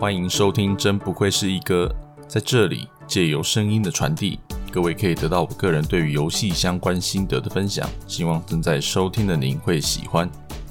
歡迎收聽，真不愧是一哥，在這裡借由聲音的傳遞，各位可以得到我個人對於遊戲相關心得的分享，希望正在收聽的您會喜歡。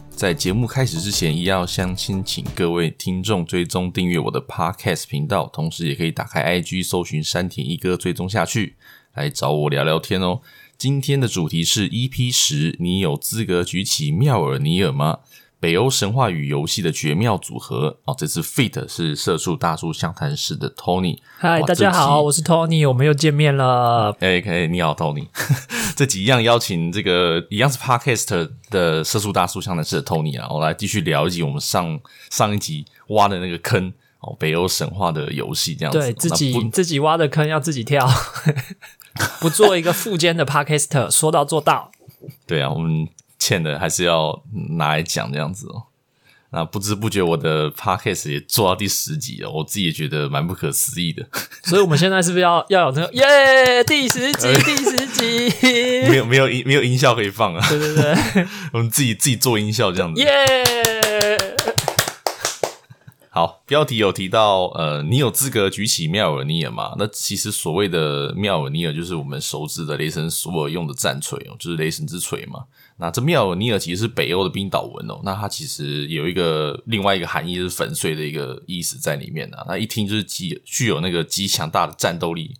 在節目開始之前，一定要相親，請各位聽眾追蹤訂閱我的 Podcast 頻道，同時也可以打開 IG 搜尋山田一哥，追蹤下去來找我聊聊天哦。今天的主題是 EP 十，你有資格舉起妙爾尼爾嗎？北歐神話與遊戲的絕妙組合哦！這次 Fit 是社畜大叔相談室的 Tony。嗨，大家好，我是 Tony，我們又見面了。哎、欸，可、欸、以，你好，Tony。 這集一樣邀請這個一樣是 Podcast 的社畜大叔相談室的 Tony 啊，我來繼續聊一集我們上上一集挖的那個坑哦，北歐神話的遊戲這樣子，對自己自己挖的坑要自己跳， 不做一個副肩的 Podcast 說到做到。對啊，我們。欠的還是要拿來講這樣子哦。那不知不覺我的 podcast 也做到第十集了，我自己也覺得蠻不可思議的。所以，我們現在是不是要 要有這、那個耶？Yeah, 第十集， 第十集， 沒有沒有音沒有音效可以放啊？對對對， 我們自己自己做音效這樣子耶。Yeah. 好，標題有提到，呃，你有資格舉起妙爾尼爾嗎？那其實所謂的妙爾尼爾，就是我們熟知的雷神索爾用的戰錘哦，就是雷神之錘嘛。那這妙爾尼爾其實是北歐的冰島文哦，那它其實有一個另外一個含義，是粉碎的一個意思在裡面的啊。那一聽就是極具有那個極強大的戰鬥力。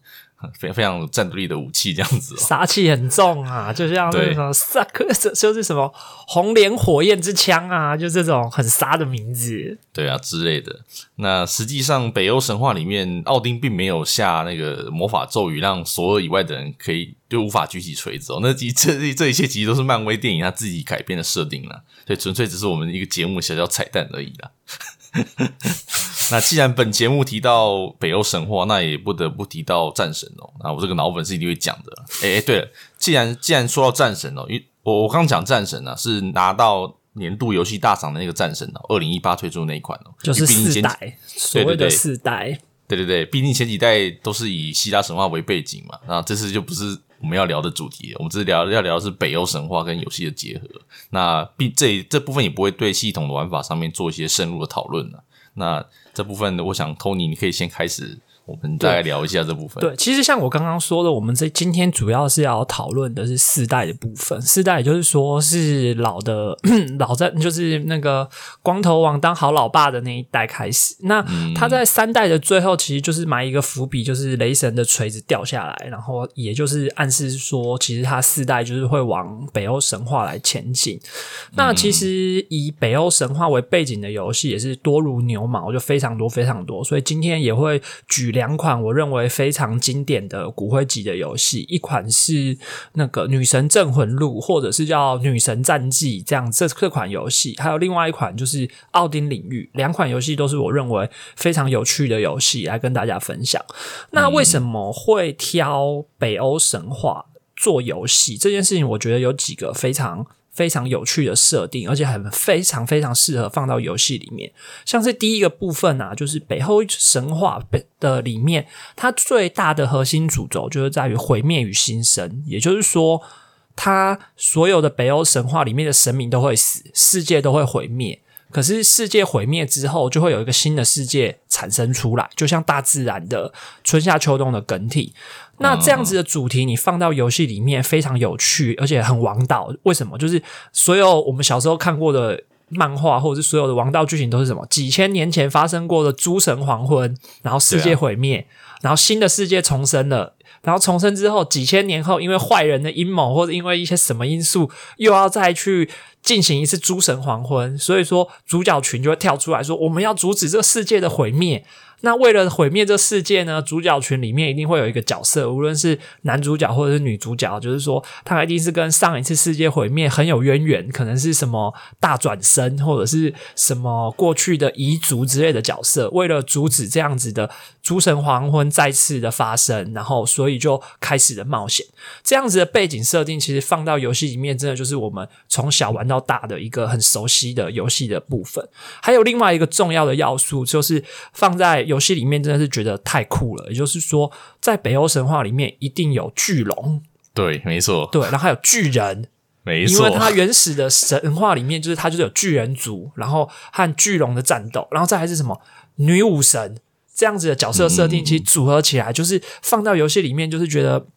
非非常有戰鬥力的武器這樣子，殺氣很重啊， 就像什麼薩克，就是什麼紅蓮火焰之槍啊，就這種很殺的名字，對啊之類的。那實際上，北歐神話裡面，奧丁並沒有下那個魔法咒語，讓索爾以外的人可以就無法舉起錘子哦。那這這，這一些其實都是漫威電影他自己改編的設定啦，所以純粹只是我們一個節目小小彩蛋而已啦。 那既然本節目提到北歐神話，那也不得不提到戰神哦。那我這個老粉是一定會講的。哎、欸欸，對了，既然既然說到戰神哦，因為我我剛講戰神呢、啊，是拿到年度遊戲大賞的那個戰神哦、啊，二零一八推出的那一款哦，就是四代，所謂的四代。對對對。對對對，畢竟前幾代都是以希臘神話為背景嘛，那這次就不是我們要聊的主題了。我們只是聊要聊的是北歐神話跟遊戲的結合。那必這這部分也不會對系統的玩法上面做一些深入的討論了啊。那這部分我想，托尼你可以先開始。我們再來聊一下這部分。對，對其實像我剛剛說的，我們這今天主要是要討論的是四代的部分。四代也就是說是老的，老在，就是那個光頭王當好老爸的那一代開始。那他在三代的最後，其實就是埋一個伏筆，就是雷神的錘子掉下來，然後也就是暗示說，其實他四代就是會往北歐神話來前進。那其實以北歐神話為背景的遊戲也是多如牛毛，就非常多非常多。所以今天也會舉例，兩款我認為非常經典的骨灰級的遊戲，一款是那個《女神鎮魂錄》或者是叫《女神戰記》這樣這這款遊戲，還有另外一款就是《奧丁領域》。兩款遊戲都是我認為非常有趣的遊戲，來跟大家分享。那為什麼會挑北歐神話做遊戲？嗯，這件事情我覺得有幾個非常。非常有趣的設定，而且很非常非常適合放到遊戲裡面。像是第一個部分啊，就是北歐神話的裡面，它最大的核心主軸就是在於毀滅與新生，也就是說，它所有的北歐神話裡面的神明都會死，世界都會毀滅。可是世界毀滅之後，就會有一個新的世界產生出來，就像大自然的春夏秋冬的更替。那這樣子的主題，你放到遊戲裡面非常有趣，而且很王道。為什麼？就是所有我們小時候看過的漫畫，或者是所有的王道劇情，都是什麼？幾千年前發生過的諸神黃昏，然後世界毀滅，啊，然後新的世界重生了。然後重生之後，幾千年後，因為壞人的陰謀，或者因為一些什麼因素，又要再去進行一次諸神黃昏。所以說，主角群就會跳出來說：“我們要阻止這個世界的毀滅。”那為了毀滅這世界呢，主角群裡面一定會有一個角色，無論是男主角或者是女主角，就是說他一定是跟上一次世界毀滅很有淵源，可能是什麼大轉身，或者是什麼過去的遺族之類的角色。為了阻止這樣子的諸神黃昏再次的發生，然後所以就開始了冒險。這樣子的背景設定其實放到遊戲裡面，真的就是我們從小玩到大的一個很熟悉的遊戲的部分。還有另外一個重要的要素就是放在。遊戲裡面真的是覺得太酷了，也就是說，在北歐神話裡面一定有巨龍，對，沒錯，對，然後還有巨人，沒錯，因為它原始的神話裡面就是它就是有巨人族，然後和巨龍的戰鬥，然後再來是什麼女武神這樣子的角色設定，其實組合起來就是放到遊戲裡面，就是覺得。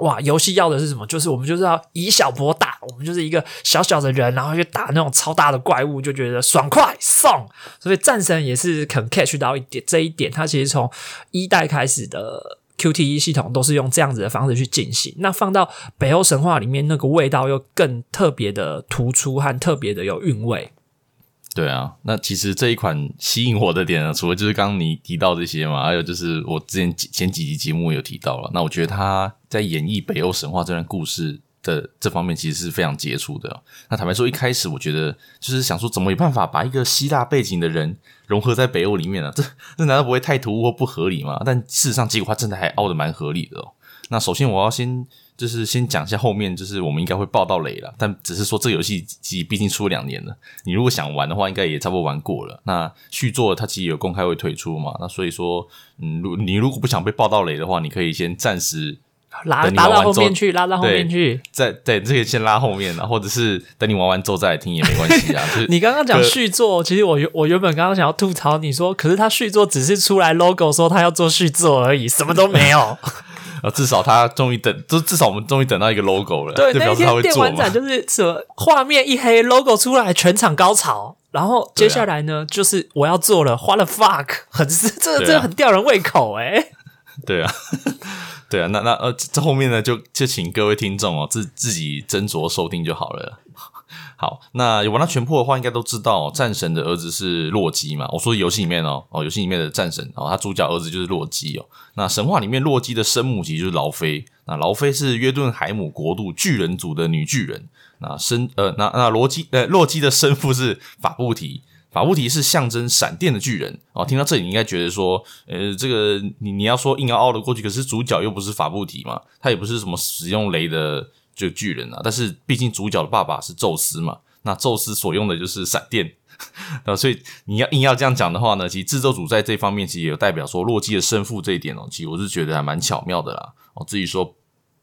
哇！遊戲要的是什麼？就是我們就是要以小博大，我們就是一個小小的人，然後去打那種超大的怪物，就覺得爽快送。所以戰神也是肯 catch 到一點這一點，它其實從一代開始的 QTE 系統都是用這樣子的方式去進行。那放到北歐神話裡面，那個味道又更特別的突出和特別的有韻味。對啊，那其實這一款吸引我的點呢、啊，除了就是剛剛你提到這些嘛，還有就是我之前前幾集節目有提到了，那我覺得它。在演繹北歐神話這段故事的這方面，其實是非常傑出的哦。那坦白說，一開始我覺得就是想說，怎麼有辦法把一個希臘背景的人融合在北歐裡面呢，啊？這這難道不會太突兀或不合理嗎？但事實上，結果他真的還凹得蠻合理的哦。那首先，我要先就是先講一下後面，就是我們應該會爆到雷了。但只是說，這個遊戲其實畢竟出了兩年了，你如果想玩的話，應該也差不多玩過了。那續作它其實有公開會推出嘛？那所以說，嗯，如你如果不想被爆到雷的話，你可以先暫時。拉拉到後面去，拉到後面去。在對，這個先拉後面，或者是等你玩完之後再來聽也沒關係啊。 你剛剛講續作，其實我我原本剛剛想要吐槽你說，可是他續作只是出來 logo 說他要做續作而已，什麼都沒有。 至少他終於等，就至少我們終於等到一個 logo 了。對，那一天電玩展就是什麼畫面一黑，logo 出來，全場高潮，然後接下來呢、啊、就是我要做了，what the fuck，很這這、啊、很吊人胃口哎、欸。對啊。對啊，那那呃，這後面呢就，就就請各位聽眾哦，自自己斟酌收聽就好了。好，那有玩到全破的話，應該都知道、哦，戰神的兒子是洛基嘛。我、哦、說遊戲裡面哦，哦，遊戲裡面的戰神，哦，他主角兒子就是洛基哦。那神話裡面，洛基的生母其實就是勞菲。那勞菲是約頓海姆國度巨人族的女巨人。那生呃，那那洛基呃，洛基的生父是法布提。法布提是象徵閃電的巨人哦。聽到這裡，你應該覺得說，呃，這個你你要說硬要凹得過去，可是主角又不是法布提嘛，他也不是什麼使用雷的就巨人啊。但是畢竟主角的爸爸是宙斯嘛，那宙斯所用的就是閃電，呃，所以你要硬要這樣講的話呢，其實製作組在這方面其實也有代表說洛基的生父這一點哦。其實我是覺得還蠻巧妙的啦哦，至於說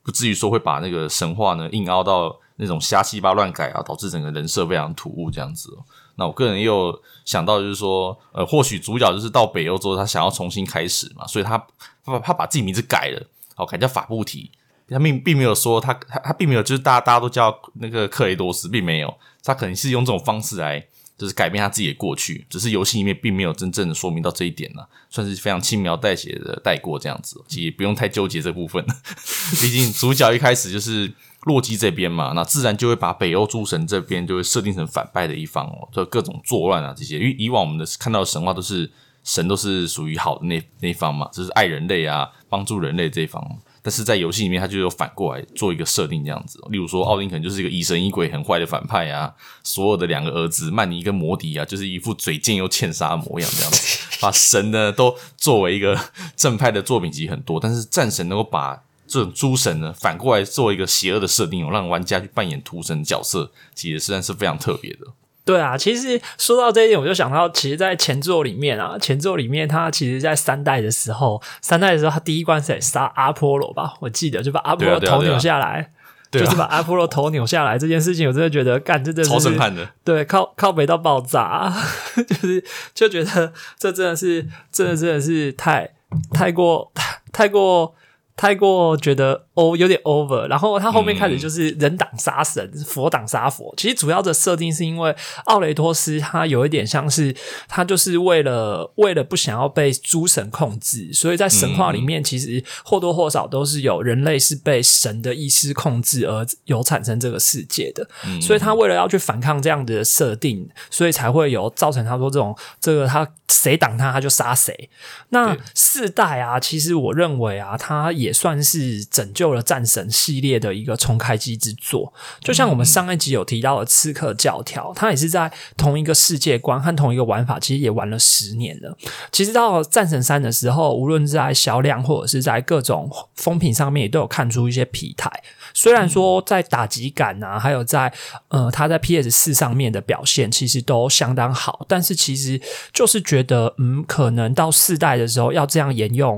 不至於說會把那個神話呢硬凹到那種瞎七八亂改啊，導致整個人設非常突兀這樣子哦。那我個人又想到，就是說，呃，或許主角就是到北歐之後，他想要重新開始嘛，所以他他他把自己名字改了，好，改叫法布提。他並並沒有說他他他並沒有就是大家大家都叫那個克雷多斯，並沒有，他可能是用這種方式來就是改變他自己的過去，只是遊戲裡面並沒有真正的說明到這一點呢，算是非常輕描淡寫的帶過這樣子，其實也不用太糾結這部分，畢 竟主角一開始就是。洛基這邊嘛，那自然就會把北歐諸神這邊就會設定成反派的一方哦，就各種作亂啊這些。因為以往我們的看到的神話都是神都是屬於好的那那一方嘛，就是愛人類啊，幫助人類這一方。但是在遊戲裡面，他就有反過來做一個設定這樣子哦。例如說，奧丁肯就是一個疑神疑鬼，很壞的反派啊。索爾的兩個兒子曼尼跟摩迪啊，就是一副嘴賤又欠殺的模樣這樣子，把神呢都作為一個 正派的作品其實很多，但是戰神能夠把。這種諸神呢，反過來做一個邪惡的設定，讓玩家去扮演屠神的角色，其實實在是非常特別的。對啊，其實說到這一點，我就想到，其實，在前作裡面啊，前作裡面，它其實，在三代的時候，三代的時候，它第一關是在殺阿波羅吧？我記得就把阿波羅頭扭下來，就是把阿波羅頭扭下來這件事情，我真的覺得幹，這真的是超震撼的，對，靠靠北到爆炸啊， 就是就覺得這真的是，真的真的是太太過太過。太過太過太過覺得。哦，有點 over，然後他後面開始就是人擋殺神，嗯、佛擋殺佛。其實主要的設定是因為奧雷托斯他有一點像是他就是為了為了不想要被諸神控制，所以在神話裡面其實或多或少都是有人類是被神的意識控制而有產生這個世界的，嗯、所以他為了要去反抗這樣的設定，所以才會有造成他說這種這個他誰擋他他就殺誰。那四代啊，其實我認為啊，他也算是拯救。做了戰神系列的一個重開機之作，就像我們上一集有提到的《刺客教條》，它也是在同一個世界觀和同一個玩法，其實也玩了十年了。其實到了戰神三的時候，無論是在銷量或者是在各種風評上面，也都有看出一些疲態。雖然說在打擊感啊，還有在呃，它在 PS 四上面的表現其實都相當好，但是其實就是覺得，嗯，可能到四代的時候要這樣沿用。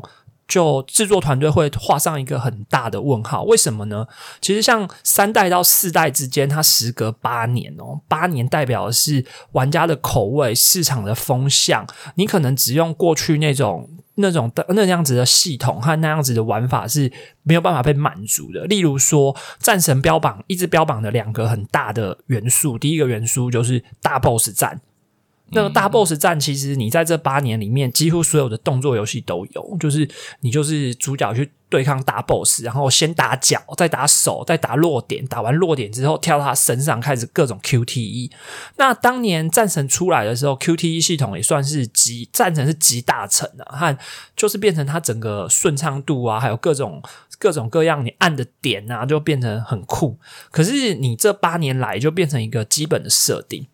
就製作團隊會畫上一個很大的問號，為什麼呢？其實像三代到四代之間，它時隔八年哦，八年代表的是玩家的口味、市場的風向，你可能只用過去那種、那種、那樣子的系統和那樣子的玩法是沒有辦法被滿足的。例如說，《戰神》標榜，一直標榜的兩個很大的元素，第一個元素就是大 BOSS 戰。那個大 BOSS 戰，其實你在這八年裡面，幾乎所有的動作遊戲都有，就是你就是主角去對抗大 BOSS，然後先打腳，再打手，再打落點，打完落點之後跳到他身上開始各種 QTE。那當年戰神出來的時候，QTE 系統也算是集戰神是集大成的、啊，還就是變成他整個順暢度啊，還有各種各種各樣你按的點啊，就變成很酷。可是你這八年來就變成一個基本的設定。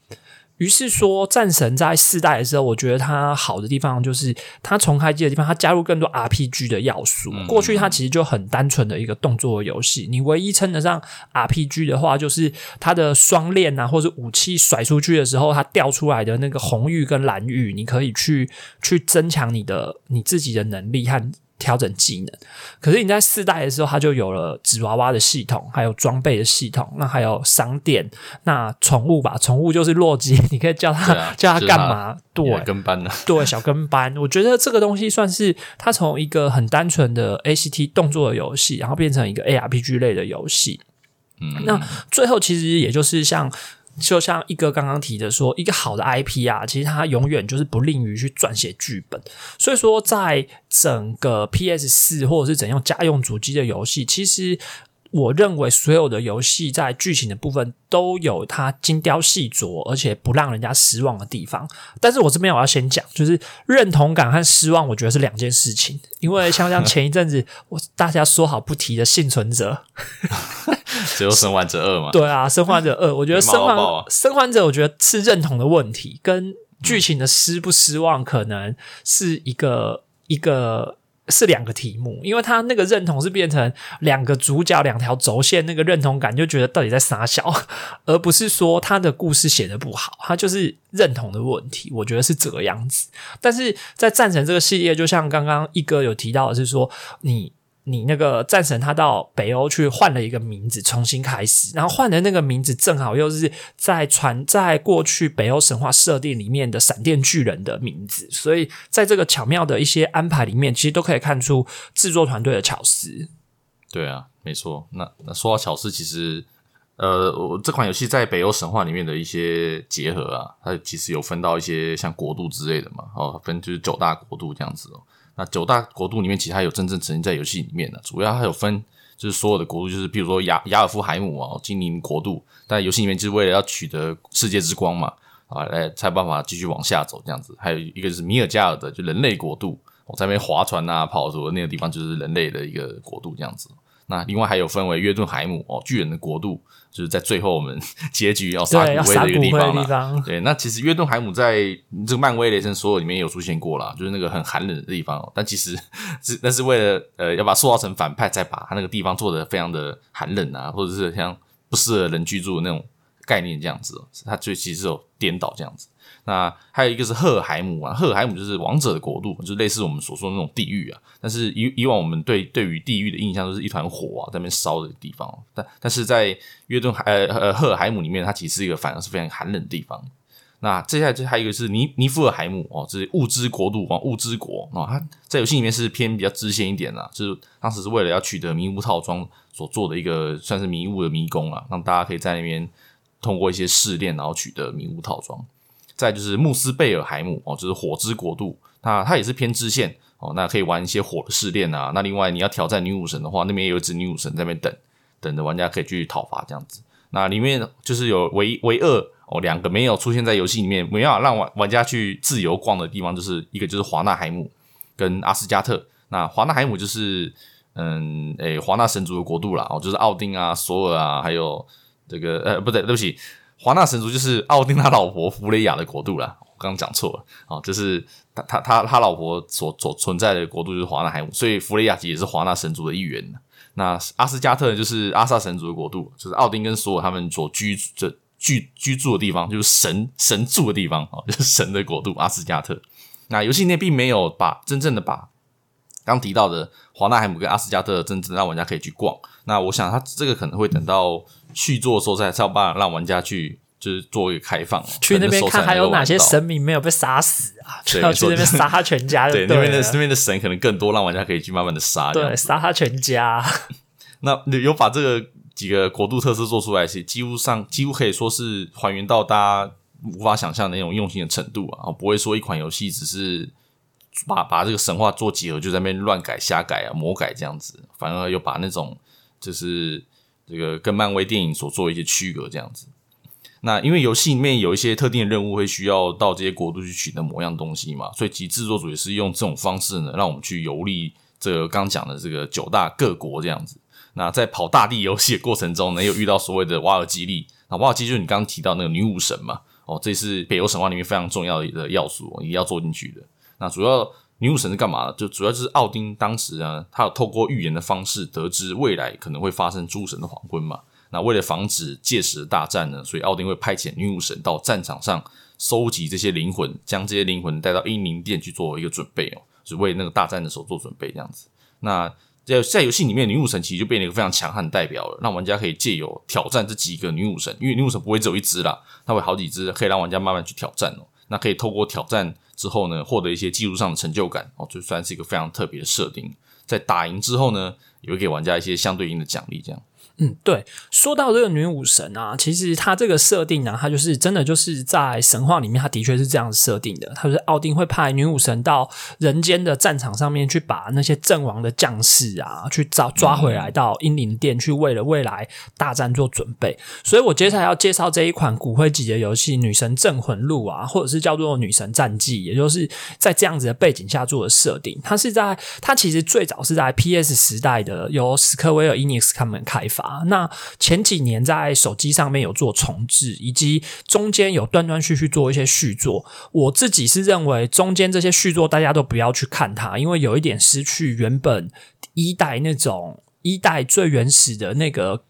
於是說，戰神在四代的時候，我覺得它好的地方就是它重開機的地方，它加入更多 RPG 的要素。過去它其實就很單純的一個動作遊戲，你唯一稱得上 RPG 的話，就是他的雙鏈啊，或是武器甩出去的時候，它掉出來的那個紅玉跟藍玉，你可以去去增強你的你自己的能力和。調整技能，可是你在四代的時候，它就有了紙娃娃的系統，還有裝備的系統，那還有商店，那寵物吧，寵物就是洛基，你可以叫它、啊、叫它幹嘛、就是？對，跟班的，對，小跟班。 我覺得這個東西算是它從一個很單純的 ACT 動作的遊戲，然後變成一個 ARPG 類的遊戲。嗯，那最後其實也就是像。就像一哥剛剛提的說，一個好的 IP 啊，其實它永遠就是不吝於去撰寫劇本。所以說，在整個 PS4 或者是整個家用主機的遊戲，其實。我認為所有的遊戲在劇情的部分都有它精雕細琢，而且不讓人家失望的地方。但是我這邊我要先講，就是認同感和失望，我覺得是兩件事情。因為像像前一陣子 我大家說好不提的《幸存者》 只有《生還者二》嘛。對啊，《生還者二，》 我覺得生還冒冒、啊《生還生還者》我覺得是認同的問題，跟劇情的失不失望可能是一個、嗯、一個。是兩個題目，因為他那個認同是變成兩個主角兩條軸線，那個認同感就覺得到底在殺小，而不是說他的故事寫得不好，他就是認同的問題，我覺得是這個樣子。但是在戰神這個系列，就像剛剛一哥有提到的是說你。你那個戰神他到北歐去換了一個名字，重新開始，然後換的那個名字正好又是在傳在過去北歐神話設定裡面的閃電巨人的名字，所以在這個巧妙的一些安排裡面，其實都可以看出製作團隊的巧思。對啊，沒錯。那那說到巧思，其實呃，我這款遊戲在北歐神話裡面的一些結合啊，它其實有分到一些像國度之類的嘛，哦，分就是九大國度這樣子哦。那九大國度裡面，其實還有真正沉浸在遊戲裡面的，啊，主要它有分，就是所有的國度，就是比如說雅雅爾夫海姆啊，精靈國度，但遊戲裡面就是為了要取得世界之光嘛，啊，來才有辦法繼續往下走這樣子。還有一個就是米爾加爾的，就人類國度，我在那邊划船啊，跑什麼那個地方就是人類的一個國度這樣子。那另外還有分為約頓海姆哦，巨人的國度，就是在最後我們結局要殺骨灰的一個地方啦，對，地方對，那其實約頓海姆在這個漫威雷神所有裡面也有出現過啦，就是那個很寒冷的地方哦，但其實是那是為了呃要把塑造成反派，再把他那個地方做得非常的寒冷啊，或者是像不適合人居住的那種。概念這樣子，它就其實有顛倒這樣子。那還有一個是赫爾海姆啊，赫爾海姆就是亡者的國度，就類似我們所說的那種地獄啊。但是以以往我們對對於地獄的印象都是一團火啊，在那邊燒的地方，啊。但但是在約頓海呃呃赫爾海姆裡面，它其實是一個反而是非常寒冷的地方。那接下來就還有一個是尼尼夫爾海姆哦，這，就是霧之國度啊，霧之國啊，哦。它在遊戲裡面是偏比較支線一點的，啊，就是當時是為了要取得迷霧套裝所做的一個算是迷霧的迷宮啊，讓大家可以在那邊，通過一些試煉，然後取得迷霧套裝。再就是穆斯貝爾海姆哦，就是火之國度，那它也是偏支線哦。那可以玩一些火的試煉啊。那另外你要挑戰女武神的話，那邊有一隻女武神在那邊等，等着玩家可以去討伐這樣子。那裡面就是有唯一唯二哦，兩個沒有出現在遊戲裡面，沒有辦法讓玩玩家去自由逛的地方，就是一個就是華納海姆跟阿斯加特。那華納海姆就是嗯誒華納神族的國度了哦，就是奧丁啊、索爾啊，還有。這個呃，不對，對不起，華納神族就是奧丁他老婆弗雷雅的國度了。我剛剛講錯了，哦，就是他他他他老婆所所存在的國度就是華納海姆，所以弗雷雅其實也是華納神族的一員。那阿斯加特就是阿薩神族的國度，就是奧丁跟所有他們所居的居居住的地方，就是神神住的地方啊、哦，就是神的國度阿斯加特。那遊戲內並沒有把真正的把剛提到的華納海姆跟阿斯加特真正的讓玩家可以去逛。那我想他這個可能會等到、嗯。去做的時候才想辦法讓玩家去就是做一個開放、喔。去那邊看還有哪些神明沒有被殺死啊？要去那邊殺他全家。對對，那邊的那邊的神可能更多，讓玩家可以去慢慢的殺掉。對，殺他全家。那有把這個幾個國度特色做出來，是幾乎上幾乎可以說是還原到大家無法想象的那種用心的程度啊！啊，不會說一款遊戲只是把把這個神話做結合就在那邊亂改、瞎改啊、魔改這樣子，反而有把那種就是。這個跟漫威電影所做的一些區隔，這樣子。那因為遊戲裡面有一些特定的任務，會需要到這些國度去取得某樣東西嘛，所以其實制作組也是用這種方式呢，讓我們去遊歷這個剛剛講的這個九大各國這樣子。那在跑大地遊戲的過程中呢，也有遇到所謂的瓦爾基利，那瓦爾基就是你剛剛提到那個女武神嘛。哦，這是北歐神話裡面非常重要的一個要素，一定要做進去的。那主要。女武神是幹嘛的？就主要就是奧丁當時啊，他有透過預言的方式得知未來可能會發生諸神的黃昏嘛。那為了防止屆時的大戰呢，所以奧丁會派遣女武神到戰場上收集這些靈魂，將這些靈魂帶到英靈殿去做一個準備哦、喔，是為那個大戰的時候做準備這樣子。那在在遊戲裡面，女武神其實就變成了一個非常強悍的代表了，讓玩家可以借由挑戰這幾個女武神，因為女武神不會只有一只啦，她會好幾只，可以讓玩家慢慢去挑戰哦、喔。那可以透過挑戰。之後呢，獲得一些技術上的成就感哦，就算是一個非常特別的設定。在打贏之後呢，也會給玩家一些相對應的獎勵，這樣。嗯，對，說到這個女武神啊，其實她這個設定呢、啊，她就是真的就是在神話裡面，她的確是這樣設定的。她就是奧丁會派女武神到人間的戰場上面去，把那些陣亡的將士啊，去找，抓回來，到英靈殿去，為了未來大戰做準備。所以我接下來要介紹這一款骨灰級的遊戲《女神鎮魂錄》啊，或者是叫做《女神戰記》，也就是在這樣子的背景下做的設定。它是在它其實最早是在 PS 時代的，由史克威爾 ENIX 他們開發。法那前幾年在手機上面有做重置，以及中間有斷斷續續做一些續作。我自己是認為中間這些續作大家都不要去看它，因為有一點失去原本一代那種一代最原始的那個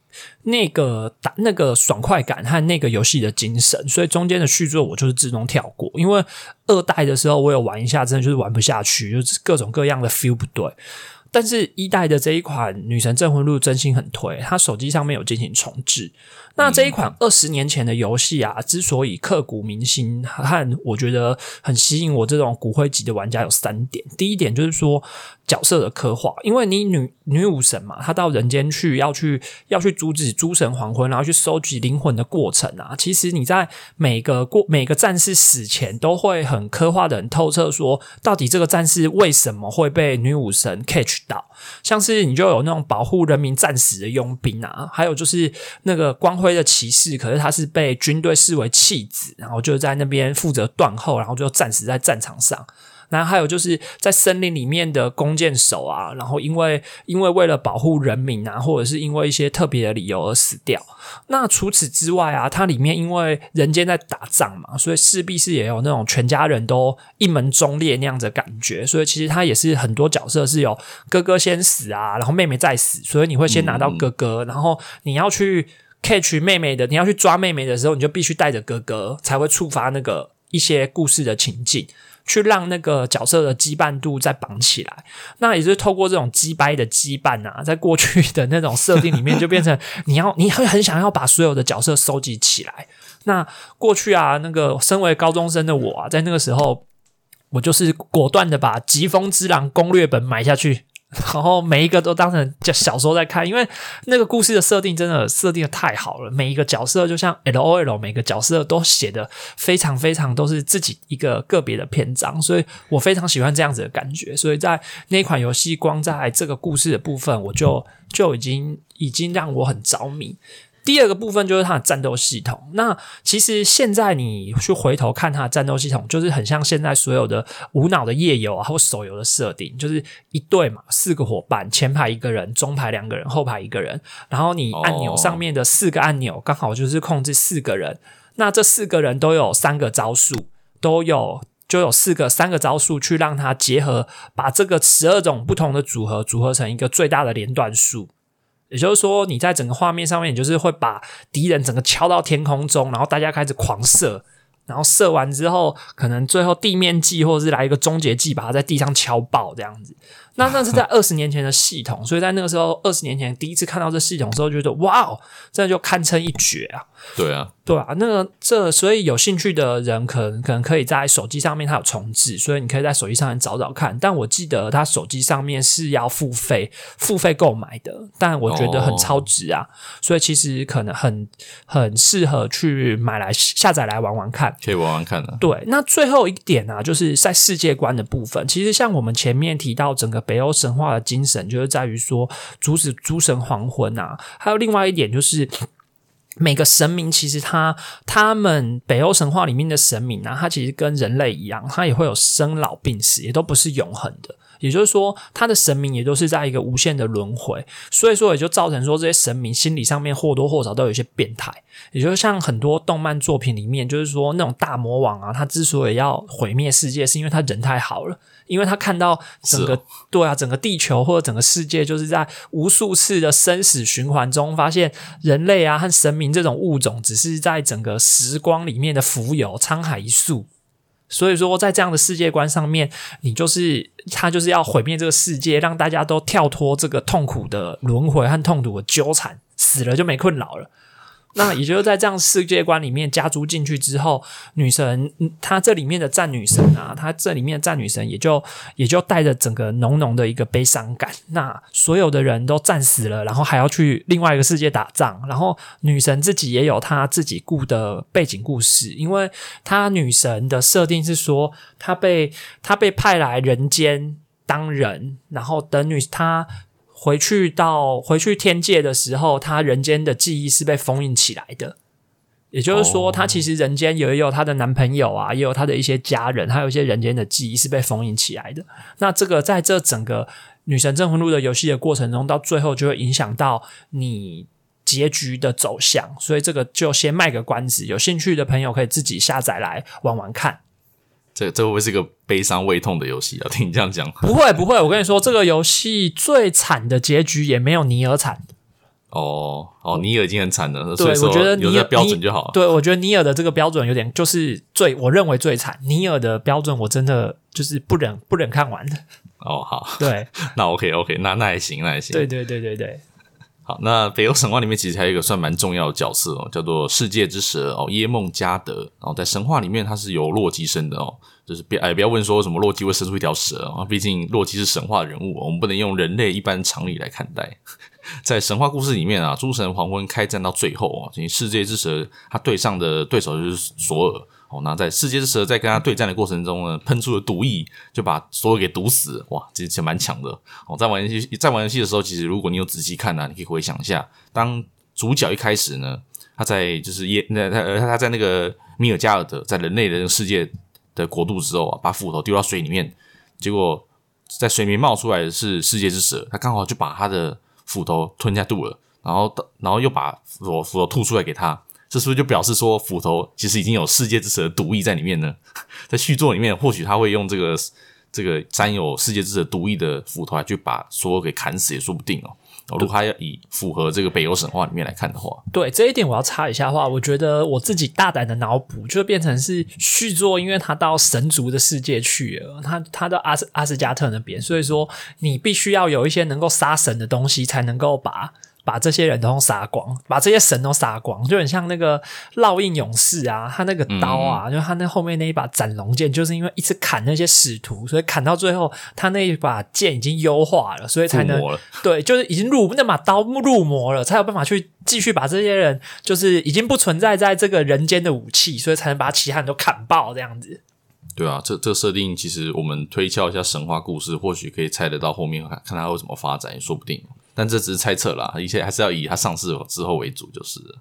那個打那個爽快感和那個遊戲的精神。所以中間的續作我就是自動跳過。因為二代的時候我有玩一下，真的就是玩不下去，就是各種各樣的 feel 不對。但是一代的這一款《女神鎮魂錄》真心很推，它手機上面有進行重製。那這一款二十年前的遊戲啊，之所以刻骨銘心和我覺得很吸引我這種骨灰級的玩家有三點。第一點就是說角色的刻畫，因為你女女武神嘛，她到人間去要去要去阻止諸神黃昏，然後去收集靈魂的過程啊。其實你在每個過每個戰士死前都會很刻畫的很透徹，說到底這個戰士為什麼會被女武神 catch 到？像是你就有那種保護人民戰死的傭兵啊，還有就是那個光輝的騎士，可是他是被軍隊視為棄子，然後就在那邊負責斷後，然後就戰死在戰場上。那還有就是在森林裡面的弓箭手啊，然後因為因為為了保護人民啊，或者是因為一些特別的理由而死掉。那除此之外啊，它裡面因為人間在打仗嘛，所以勢必是也有那種全家人都一門忠烈那樣的感覺。所以其實他也是很多角色是有哥哥先死啊，然後妹妹再死，所以你會先拿到哥哥，嗯、然後你要去。catch 妹妹的，你要去抓妹妹的時候，你就必須帶着哥哥，才會觸發那個一些故事的情境，去讓那個角色的羈絆度再綁起來。那也就是透過這種羈絆的羈絆啊，在過去的那種設定裡面，就變成你要你會很想要把所有的角色收集起來。那過去啊，那個身為高中生的我啊，在那個時候，我就是果斷的把《疾風之狼》攻略本買下去。然後每一個都當成就小說在看，因為那個故事的設定真的設定得太好了，每一個角色就像 L O L 每個角色都寫得非常非常，都是自己一個個別的篇章，所以我非常喜歡這樣子的感覺。所以在那款遊戲，光在這個故事的部分，我就就已經已經讓我很着迷。第二個部分就是它的戰鬥系統。那其實現在你去回頭看它的戰鬥系統，就是很像現在所有的無腦的頁遊啊或手遊的設定，就是一隊嘛，四個夥伴，前排一個人，中排兩個人，後排一個人，然後你按鈕上面的四個按鈕，Oh。剛好就是控制四個人。那這四個人都有三個招數，都有，就有四個，三個招數去讓它結合，把這個十二種不同的組合組合成一個最大的連段數。也就是說，你在整個畫面上面，你就是會把敵人整個敲到天空中，然後大家開始狂射，然後射完之後，可能最後地面技或是來一個終結技，把它在地上敲爆這樣子。那那是在二十年前的系統， 所以在那個時候，二十年前第一次看到這系統的時候，覺得哇哦，這就堪稱一絕啊！對啊，對啊，那個這所以有興趣的人，可能可能可以在手機上面，它有重置，所以你可以在手機上面找找看。但我記得它手機上面是要付費付費購買的，但我覺得很超值啊，Oh. 所以其實可能很很適合去買來下載來玩玩看，可以玩玩看的，啊。對，那最後一點啊，就是在世界觀的部分，其實像我們前面提到整個。北歐神話的精神就是在於說，阻止諸神黃昏啊。還有另外一點就是，每個神明其實他、他們北歐神話裡面的神明啊，他其實跟人類一樣，他也會有生老病死，也都不是永恆的。也就是說，他的神明也都是在一個無限的輪回，所以說也就造成說，這些神明心理上面或多或少都有一些變態。也就像很多動漫作品裡面，就是說那種大魔王啊，他之所以要毀滅世界，是因為他人太好了，因為他看到整個，對啊，整個地球或者整個世界，就是在無數次的生死循環中，發現人類啊和神明這種物種，只是在整個時光裡面的浮游，滄海一粟。所以說，在這樣的世界觀上面，你就是，他就要毀滅這個世界，讓大家都跳脫這個痛苦的輪迴和痛苦的糾纏，死了就沒困擾了。那也就是在這樣世界觀裡面家族進去之後，女神她這裡面的戰女神啊，她這裡面戰女神也就也就帶着整個濃濃的一個悲傷感。那所有的人都戰死了，然後還要去另外一個世界打仗，然後女神自己也有她自己故的背景故事，因為她女神的設定是說，她被她被派來人間當人，然後等女她。回去到回去天界的時候，他人間的記憶是被封印起來的。也就是說，她、Oh. 其實人間也有她的男朋友啊，也有她的一些家人，還有一些人間的記憶是被封印起來的。那這個在這整個《女神鎮魂錄》的遊戲的過程中，到最後就會影響到你結局的走向。所以這個就先賣個關子，有興趣的朋友可以自己下載來玩玩看。這這會不會是一個悲傷胃痛的遊戲啊？聽你這樣講，不會不會，我跟你說，這個遊戲最慘的結局也沒有尼爾慘。哦哦，尼爾已經很慘了。對，所以說我覺得尼爾有標準就好了。對，我覺得尼爾的這個標準有點就是最，我認為最慘。尼爾的標準我真的就是不忍不忍看完的。哦好，對， 那 OK OK，那那也行，那也行。對對對對對，對。好，那北歐神話裡面其實還有一個算蠻重要的角色哦，叫做世界之蛇哦，耶夢加德。哦，在神話裡面，它是由洛基生的哦。就是別，哎，不要問說什麼洛基會生出一條蛇啊，畢竟洛基是神話人物，我們不能用人類一般常理來看待。 在神話故事裡面啊，諸神黃昏開戰到最後啊，世界之蛇他對上的對手就是索爾。那在世界之蛇在跟他對戰的過程中呢，噴出了毒液，就把所有給毒死了。哇，其實蠻強的。哦，在玩遊戲，在玩遊戲的時候，其實如果你有仔細看呢啊，你可以回想一下，當主角一開始呢，他在就是耶那他他在那個米爾加爾德，在人類的個世界的國度，之後啊，把斧頭丟到水裡面，結果在水面冒出來的是世界之蛇，他剛好就把他的斧頭吞下肚了，然後然後又把斧頭斧頭吐出來給他。這是不是就表示說斧頭其實已經有世界之蛇的毒液在裡面呢？ 在續作裡面，或許他會用這個這個沾有世界之蛇毒液的斧頭來去把所有給砍死，也說不定哦。如果他要以符合這個北歐神話裡面來看的話，對這一點我要插一下的話，我覺得我自己大膽的腦補就變成是續作，因為他到神族的世界去了，他他到阿斯阿斯加特那邊，所以說你必須要有一些能夠殺神的東西，才能夠把。把這些人都殺光，把這些神都殺光，就很像那個烙印勇士啊，他那個刀啊，嗯、就是、他那後面那一把斬龍劍，就是因為一直砍那些使徒，所以砍到最後，他那一把劍已經優化了，所以才能對，就是已經入那把刀入魔了，才有辦法去繼續把這些人就是已經不存在在這個人間的武器，所以才能把其他人都砍爆這樣子。對啊，這這設定其實我們推敲一下神話故事，或許可以猜得到後面看看他會怎麼發展，也說不定。但這只是猜測啦，一切還是要以它上市之後為主就是了。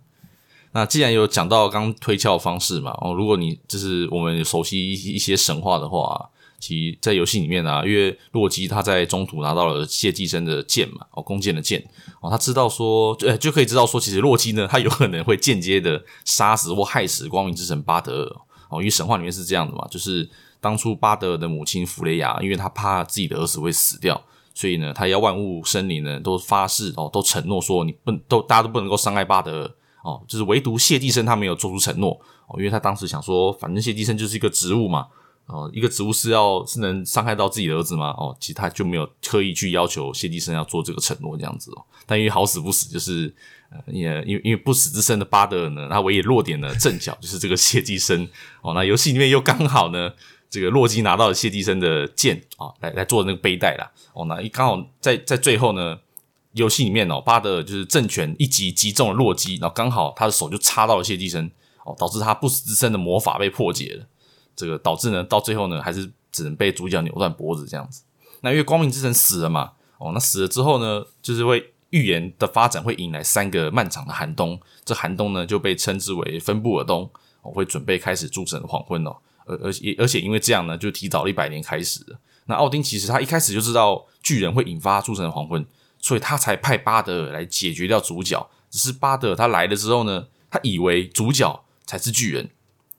那既然有講到剛推敲的方式嘛，哦，如果你就是我們有熟悉一一些神話的話，其在遊戲裡面啊，因為洛基他在中途拿到了謝季生的劍嘛，哦，弓箭的箭，哦，他知道說，就，欸、就可以知道說，其實洛基呢，他有可能會間接的殺死或害死光明之神巴德爾哦，因為神話裡面是這樣的嘛，就是當初巴德爾的母親弗雷亞，因為她怕自己的兒子會死掉。所以呢，他要萬物生靈呢都發誓哦，都承諾說，你不都大家都不能夠傷害巴德爾哦，就是唯獨槲寄生他沒有做出承諾哦，因為他當時想說，反正槲寄生就是一個植物嘛哦，一個植物是要是能傷害到自己的兒子嘛，哦，其實他就沒有刻意去要求槲寄生要做這個承諾這樣子哦，但因為好死不死就是呃也因為因為不死之身的巴德爾呢，他唯一弱點的陣腳就是這個槲寄生哦，那遊戲裡面又剛好呢。這個洛基拿到了槲寄生的箭啊、哦，來來做那個背帶了哦。那一剛好在在最後呢，遊戲裡面哦，巴德就是正拳一擊擊中了洛基，然後剛好他的手就插到了槲寄生，哦，導致他不死之身的魔法被破解了。這個導致呢，到最後呢，還是只能被主角扭斷脖子這樣子。那因為光明之神死了嘛，哦，那死了之後呢，就是會預言的發展會引來三個漫長的寒冬，這寒冬呢就被稱之為芬布爾冬，我、哦、會準備開始諸神黃昏了、哦。而而也而且因為這樣呢，就提早了一百年開始了。那奧丁其實他一開始就知道巨人會引發諸神黃昏，所以他才派巴德爾來解決掉主角。只是巴德爾他來了之後呢，他以為主角才是巨人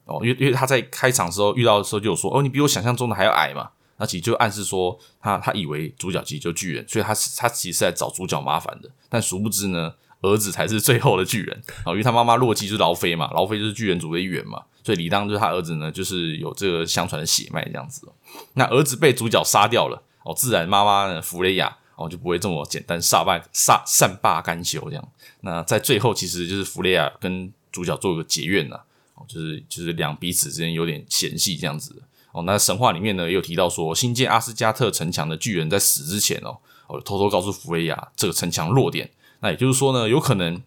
哦，因為因為他在開場的時候遇到的時候就有說：“哦，你比我想象中的還要矮嘛。”那其實就暗示說他他以為主角其實就巨人，所以他他其實是在找主角麻煩的。但殊不知呢。兒子才是最後的巨人，哦、因為他媽媽洛基就是勞菲嘛，勞菲就是巨人族的一員嘛，所以理當就是他兒子呢，就是有這個相傳的血脈這樣子。那兒子被主角殺掉了哦，自然媽媽呢弗雷亞哦就不會這麼簡單善罷、善善罷甘休這樣。那在最後其實就是弗雷亞跟主角做個結怨吶，啊哦、就是就是兩彼此之間有點嫌隙這樣子哦。那神話裡面呢也有提到說，新建阿斯加特城牆的巨人，在死之前哦，哦偷偷告訴弗雷亞這個城牆弱點。那也就是說呢，有可能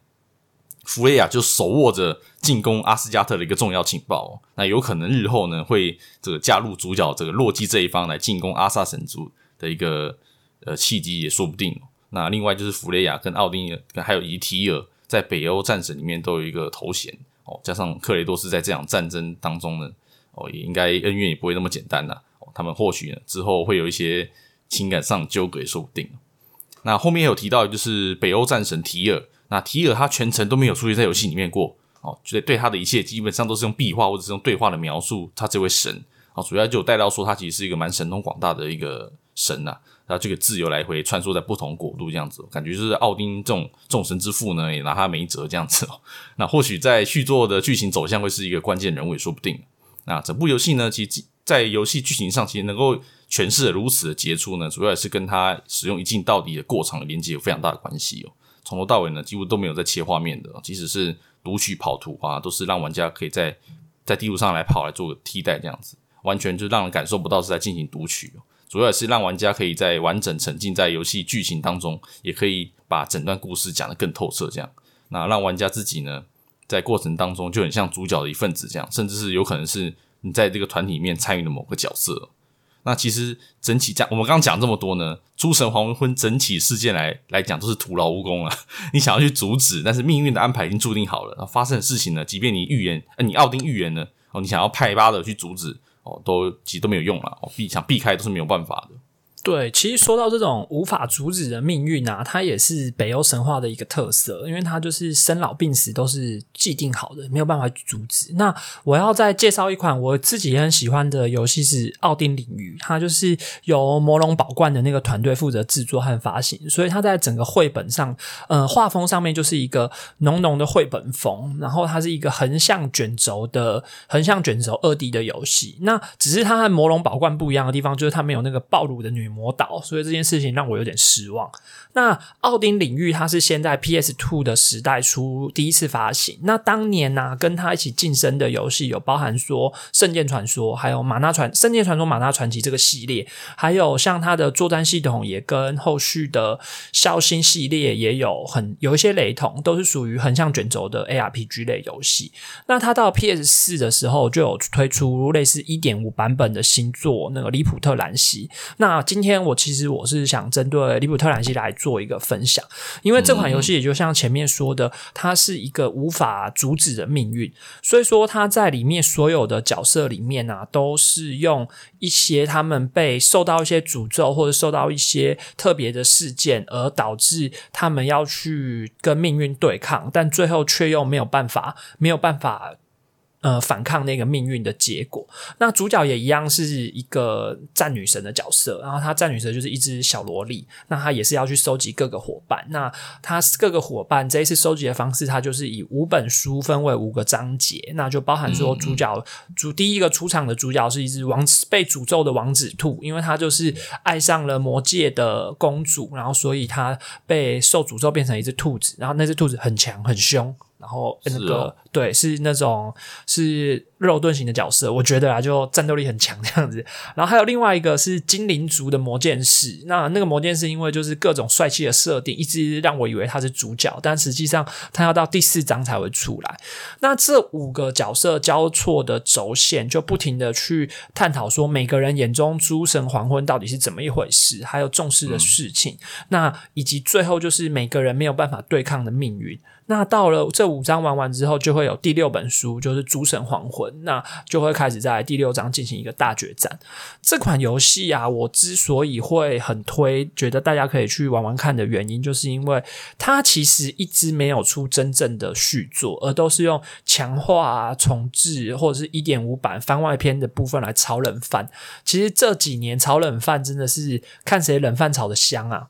弗雷雅就手握着進攻阿斯加特的一個重要情報，哦，那有可能日後呢會這個加入主角這個洛基這一方來進攻阿薩神族的一個呃契機也說不定，哦。那另外就是弗雷雅跟奧丁跟還有伊提爾在北歐戰神裡面都有一個頭銜哦，加上克雷多斯在這場戰爭當中呢哦也應該恩怨也不會那麼簡單吶，哦，他們或許之後會有一些情感上糾葛也說不定。那後面有提到，就是北歐戰神提爾，那提爾他全程都沒有出現在遊戲裡面過，哦，所以對他的一切基本上都是用壁畫或者是用對話的描述，他這位神，哦，主要就帶到說他其實是一個蠻神通廣大的一個神吶，啊，他這個自由來回穿梭在不同國度這樣子，感覺就是奧丁這種眾神之父呢也拿他沒轍這樣子哦，那或許在續作的劇情走向會是一個關鍵人物也說不定，那整部遊戲呢，其實在遊戲劇情上其實能夠。詮釋了如此的傑出呢，主要也是跟他使用一鏡到底的過場的連接有非常大的關係哦。從頭到尾呢，幾乎都沒有在切畫面的哦，即使是讀取跑圖啊，都是讓玩家可以在在地圖上來跑來做個替代這樣子，完全就讓人感受不到是在進行讀取哦。主要也是讓玩家可以在完整沉浸在遊戲劇情當中，也可以把整段故事講得更透徹這樣。那讓玩家自己呢，在過程當中就很像主角的一份子這樣，甚至是有可能是你在這個團體裡面參與的某個角色。那其實整體講，我們剛剛講這麼多呢，諸神黃昏整體事件來來講都是徒勞無功了啊。你想要去阻止，但是命運的安排已經注定好了。那發生的事情呢，即便你預言，你奧丁預言呢，哦，你想要派巴德去阻止，哦，都其實都沒有用了。哦，想避開都是沒有辦法的。對，其實說到這種無法阻止的命運啊，它也是北歐神話的一個特色，因為它就是生老病死都是既定好的，沒有辦法阻止。那我要再介紹一款我自己也很喜歡的遊戲是《奧丁領域》，它就是由《魔龍寶冠》的那個團隊負責製作和發行，所以它在整個繪本上，呃，畫風上面就是一個濃濃的繪本風，然後它是一個橫向卷軸的橫向卷軸 2D 的遊戲。那只是它和《魔龍寶冠》不一樣的地方，就是它沒有那個暴露的女魔導，所以這件事情讓我有點失望。那奧丁領域它是先在 PS Two 的時代出第一次發行。那當年呢、啊，跟他一起晉升的遊戲有包含說《聖劍傳說》還有馬《馬納傳》《聖劍傳說》《馬納傳奇》這個系列，還有像他的作戰系統也跟後續的《梟星》系列也有很有一些雷同，都是屬於橫向卷軸的 ARPG 類遊戲。那他到 PS 四的時候就有推出類似一點五版本的新作，那個《利普特蘭西》。那今今天我其實我是想針對《利普特蘭西》來做一個分享，因為這款遊戲也就像前面說的，它是一個無法阻止的命運，所以說它在裡面所有的角色裡面啊，都是用一些他們被受到一些詛咒或者受到一些特別的事件，而導致他們要去跟命運對抗，但最後卻又沒有辦法，沒有辦法。呃，反抗那個命運的結果。那主角也一樣是一個戰女神的角色，然後她戰女神就是一隻小蘿莉。那她也是要去收集各個夥伴。那她各個夥伴這一次收集的方式，她就是以五本書分為五個章節，那就包含說主角、嗯、主第一個出場的主角是一隻王子，被詛咒的王子兔，因為他就是愛上了魔界的公主，然後所以他被受詛咒變成一隻兔子。然後那隻兔子很強很兇。然後那個，對，是那種，是。肉盾型的角色，我覺得啊，就戰鬥力很強這樣子。然後還有另外一個是精靈族的魔劍士，那那個魔劍士因為就是各種帥氣的設定，一直讓我以為他是主角，但實際上他要到第四章才會出來。那這五個角色交錯的軸線，就不停地去探討說，每個人眼中諸神黃昏到底是怎麼一回事，還有重視的事情，嗯，那以及最後就是每個人沒有辦法對抗的命運。那到了這五章玩完之後，就會有第六本書，就是諸神黃昏。那就會開始在第六章進行一個大決戰。這款遊戲啊，我之所以會很推，覺得大家可以去玩玩看的原因，就是因為它其實一直沒有出真正的續作，而都是用強化啊、重置或者是一點五版番外篇的部分來炒冷飯。其實這幾年炒冷飯真的是看誰冷飯炒的香啊！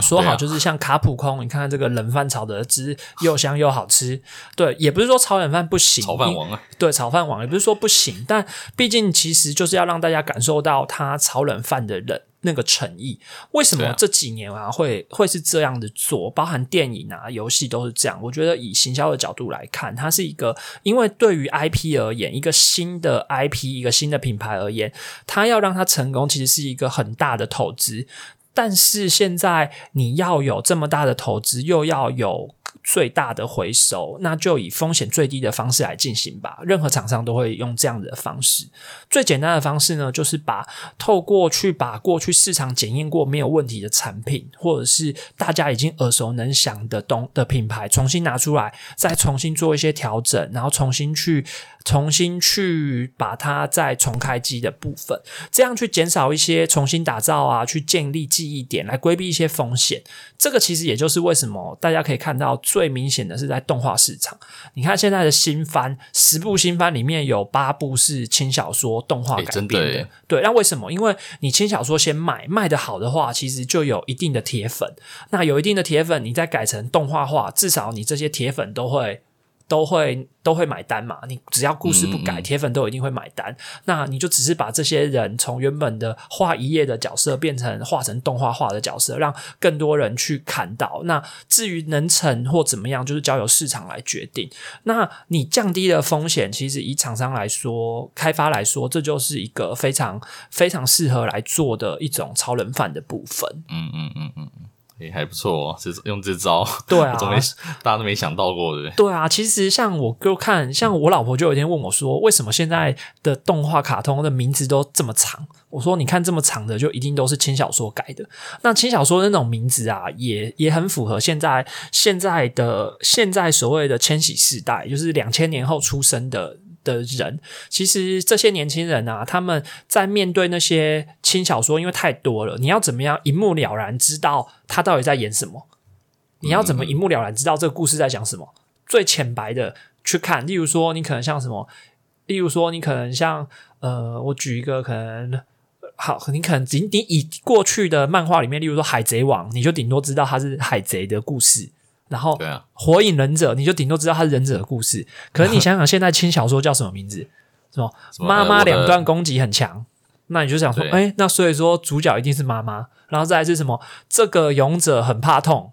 說好就是像卡普空，你看看這個冷飯炒的，汁又香又好吃。對，也不是說炒冷飯不行，炒飯王啊，對，炒飯王也不是說不行。但畢竟其實就是要讓大家感受到他炒冷飯的冷那個誠意。為什麼這幾年啊會會是這樣的做？包含電影啊、遊戲都是這樣。我覺得以行銷的角度來看，它是一個，因為對於 IP 而言，一個新的 IP，一個新的品牌而言，它要讓它成功，其實是一個很大的投資。但是現在你要有這麼大的投資，又要有最大的回收，那就以風險最低的方式來進行吧。任何廠商都會用這樣的方式。最簡單的方式呢，就是把透過去把過去市場檢驗過沒有問題的產品，或者是大家已經耳熟能詳的東的品牌，重新拿出來，再重新做一些調整，然後重新去。重新去把它再重開機的部分，這樣去減少一些重新打造啊，去建立記憶點，來規避一些風險。這個其實也就是為什麼大家可以看到最明顯的是在動畫市場。你看現在的新番，十部新番裡面有八部是輕小說動畫改編的。欸，真的。對，那為什麼？因為你輕小說先賣，賣得好的話，其實就有一定的鐵粉。那有一定的鐵粉，你再改成動畫化，至少你這些鐵粉都會。都會都會買單嘛。你只要故事不改，鐵、嗯嗯、粉都一定會買單。那你就只是把這些人從原本的畫一頁的角色，變成畫成動畫化的角色，讓更多人去看到。那至於能成或怎麼樣，就是交由市場來決定。那你降低的風險，其實以廠商來說，開發來說，這就是一個非常非常適合來做的一種超人販的部分。嗯嗯嗯嗯嗯。也、欸、還不錯哦，喔，這用這招，對啊 總沒，大家都沒想到過，對不對？對啊，其實像我，就看像我老婆就有一天問我說，為什麼現在的動畫卡通的名字都這麼長？我說，你看這麼長的，就一定都是輕小說改的。那輕小說的那種名字啊，也也很符合現在現在的現在所謂的千禧世代，就是兩千年後出生的。的人，其實這些年輕人啊，他們在面對那些輕小說，因為太多了，你要怎麼樣一目了然知道他到底在演什麼？你要怎麼一目了然知道這個故事在講什麼？嗯。最淺白的去看，例如說，你可能像什麼？例如說，你可能像呃，我舉一個可能，好，你可能僅你，你以過去的漫畫裡面，例如說《海賊王》，你就頂多知道他是海賊的故事。然後，火影忍者你就頂多知道他是忍者的故事。可是你想想，現在輕小說叫什麼名字？是嗎？媽媽兩段攻擊很強，嗯、那你就想說，哎，那所以說主角一定是媽媽。然後再來是什麼？這個勇者很怕痛，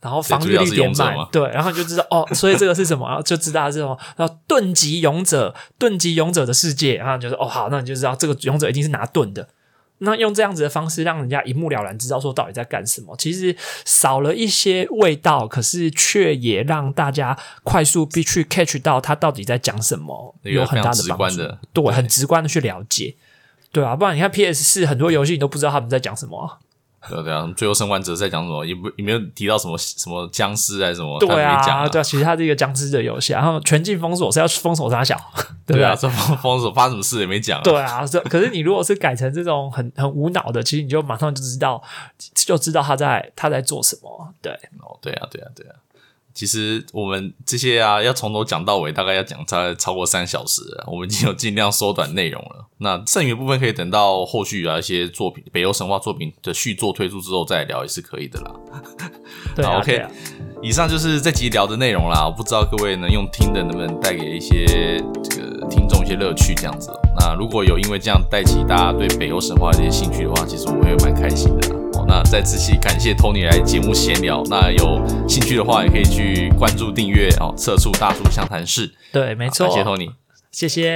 然後防禦力點滿，對，然後你就知道哦，所以這個是什麼？然後就知道是什麼？ 然後盾級勇者，盾級勇者的世界，然後你就說哦，好，那你就知道這個勇者一定是拿盾的。那用這樣子的方式，讓人家一目了然，知道說到底在幹什麼。其實少了一些味道，可是卻也讓大家快速必去 catch 到他到底在講什麼，有很大的幫助的。對，很直觀的去了解，對,對啊。不然你看 PS4 很多遊戲，你都不知道他們在講什麼啊。對，對啊，最後《生還者》在講什麼？也不也沒有提到什麼什麼僵屍還是什麼？對啊，沒講啊，對啊，其實它是一個僵屍的遊戲，啊。然後全境封鎖是要封鎖殺小對不對，對啊，這封封鎖發生什麼事也沒講，啊。對啊，這可是你如果是改成這種很很無腦的，其實你就馬上就知道就知道他在他在做什麼。對哦，對啊，對啊，對啊。其實我們這些啊，要從頭講到尾，大概要講差超過三小時了。我們已經有盡量縮短內容了，那剩餘的部分可以等到後續有一些作品北歐神話作品的續作推出之後再聊，也是可以的啦。對、啊 好對啊，OK，對、啊、以上就是這集聊的內容啦。我不知道各位呢用聽的能不能帶給一些這個聽眾一些樂趣，這樣子。那如果有因為這樣帶起大家對北歐神話的一些興趣的話，其實我會也蠻開心的啦。那再次感謝 Tony 來節目閒聊，那有興趣的話也可以去關注訂閱哦，社畜大叔相談室。對，沒錯，啊，謝謝 Tony，謝謝。